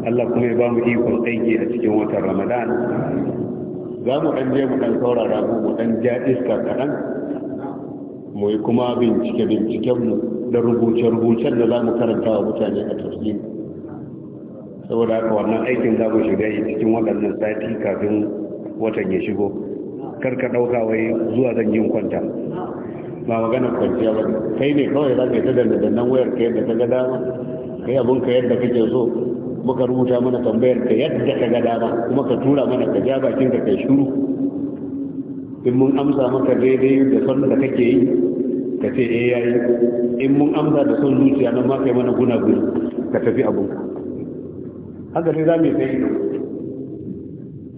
Allah kuma ya ba mu ikon aiki a cikin watan ramadan za mu ɗan je mu ɗan saurara mu ɗan ja iska kaɗan mu yi kuma bincike bincikenmu da rubuce-rubucen da za mu karanta wa mutane a tafsiri saboda haka wannan aikin za mu shiga cikin waɗannan sati kafin watan ya shigo karka ɗauka wai zuwa zan yin kwanta ba magana kwanciya ba kai ne kawai za ka yi ta da nan wayar ka yadda ka ga dama kai abin ka yadda kake so muka rubuta mana tambayar ka yadda ka ga dama kuma ka tura mana ka ja bakin ka kai shuru in mun amsa maka daidai da son da kake yi ka ce eh yayi in mun amsa da son zuciya nan ma kai mana guna guri ka tafi abun ka haka sai zamu sai ido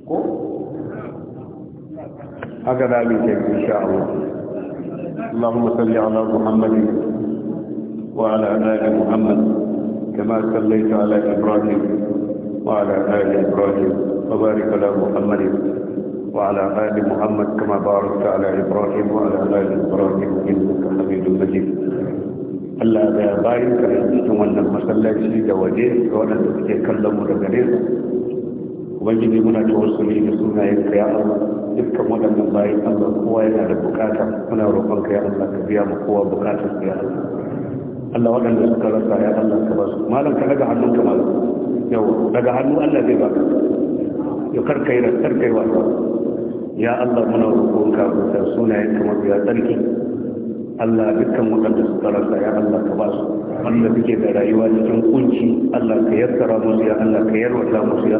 ko haka za mu sai insha Allah Allahumma اللهم صل على محمد وعلى آل محمد كما صليت على إبراهيم وعلى آل إبراهيم وبارك على محمد وعلى آل محمد كما باركت على إبراهيم وعلى آل إبراهيم إنك حميد مجيد Allah da bayan ka cikin wannan masallaci da waje da waɗanda suke kallon mu daga nesa ubangiji muna ta wasu ne da sunayen ka ya Allah dukkan waɗannan bayan Allah kowa yana da bukata muna roƙon ka ya Allah ka biya mu kowa bukatar ya Allah Allah waɗanda suka rasa ya Allah ka ba su malam ka daga hannun ka malam yau daga hannu Allah zai baka yau ka yi rasar kai wasa ya Allah muna roƙonka da sunayen kamar ya tsarki Allah dukkan waɗanda suka rasa ya Allah ka ba su wanda suke da rayuwa cikin kunci Allah ka yassara musu ya Allah ka yarwata musu ya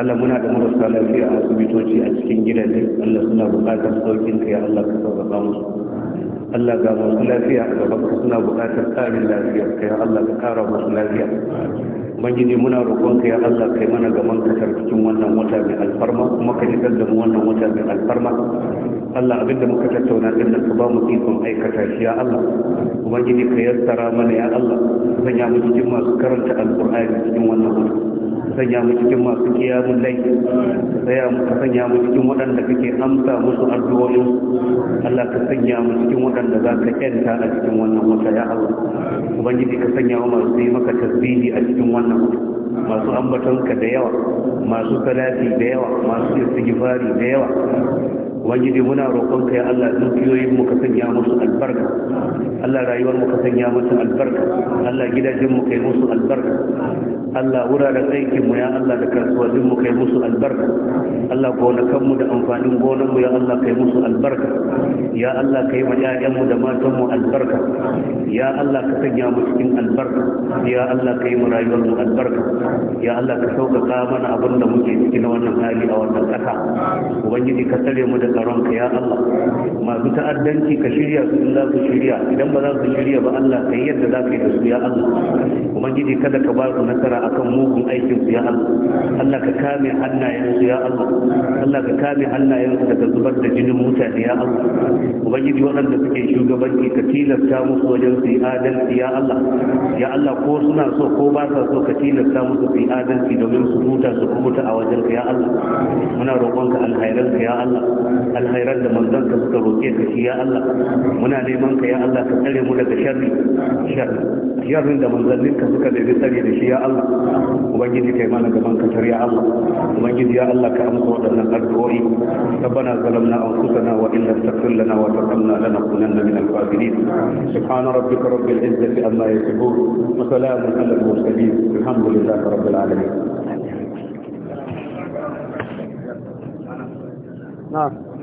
Allah muna da marasa lafiya a asibitoci a cikin gidaje Allah suna buƙatar saukin ka ya Allah ka sauƙaƙa musu Allah ga masu lafiya a gaban suna buƙatar tsarin lafiya ka ya Allah ka ƙara musu lafiya ubangiji muna roƙonka ya Allah kai mana gaman kasar cikin wannan wata mai alfarma kuma ka ji da mu wannan wata mai alfarma Allah abin da muka tattauna din nan ka ba mu ikon aikata shi ya Allah ubangiji ka yassara mana ya Allah sanya mu cikin masu karanta alqur'ani cikin wannan wata sanya mu cikin masu kiyamun lai saya mu ka sanya mu cikin waɗanda kake amsa musu addu'o'in Allah ka sanya mu cikin waɗanda za ka kenta a cikin wannan wata ya Allah ubangiji ka sanya wa masu yi maka tasbihi a cikin wannan masu ambatonka da yawa masu salati da yawa masu istighfari da yawa ubangiji muna roƙonka ya Allah dukiyoyin mu ka sanya musu albarka Allah rayuwar mu ka sanya musu albarka Allah gidajen mu kai musu albarka Allah wuraren aikin mu ya Allah da kasuwannin mu kai musu albarka Allah gonakan mu da amfanin gonan mu ya Allah kai musu albarka ya Allah kai ma ƴaƴan mu da matan mu albarka ya Allah ka sanya mu cikin albarka ya Allah kai mu rayuwar mu albarka ya Allah ka sauƙaƙa mana abin da muke cikin wannan hali a wannan ƙasa ubangiji ka tsare mu da tsaronka ya Allah masu ta'addanci ka shirya su in za su shirya idan ba za su shirya ba Allah ka yi yadda za ka yi da su ya Allah Kuma gidi kada ka ba su nasara akan mugun aikin su ya Allah Allah ka kame hannayen su ya Allah Allah ka kame hannayen su daga zubar da jinin mutane ya Allah Kuma gidi waɗanda suke shugabanci ka tilasta musu wajen su yi adalci ya Allah ya Allah ko suna so ko ba sa so ka tilasta musu su yi adalci domin su huta su huta a wajen ka ya Allah muna roƙonka alhairanka ya Allah alkhairan da manzon ka suka roke ka shi ya Allah muna neman ka ya Allah ka tsare mu daga sharri sharri sharrin da manzannin ka suka nemi tsare da shi ya Allah ubangiji kai mana gaban ka tar ya Allah ubangiji ya Allah ka amsa waɗannan addu'o'i ربنا ظلمنا انفسنا وان لم تغفر لنا وترحمنا لنكونن من الخاسرين سبحان ربك رب العزه عما يصفون وسلام على المرسلين الحمد لله رب العالمين نعم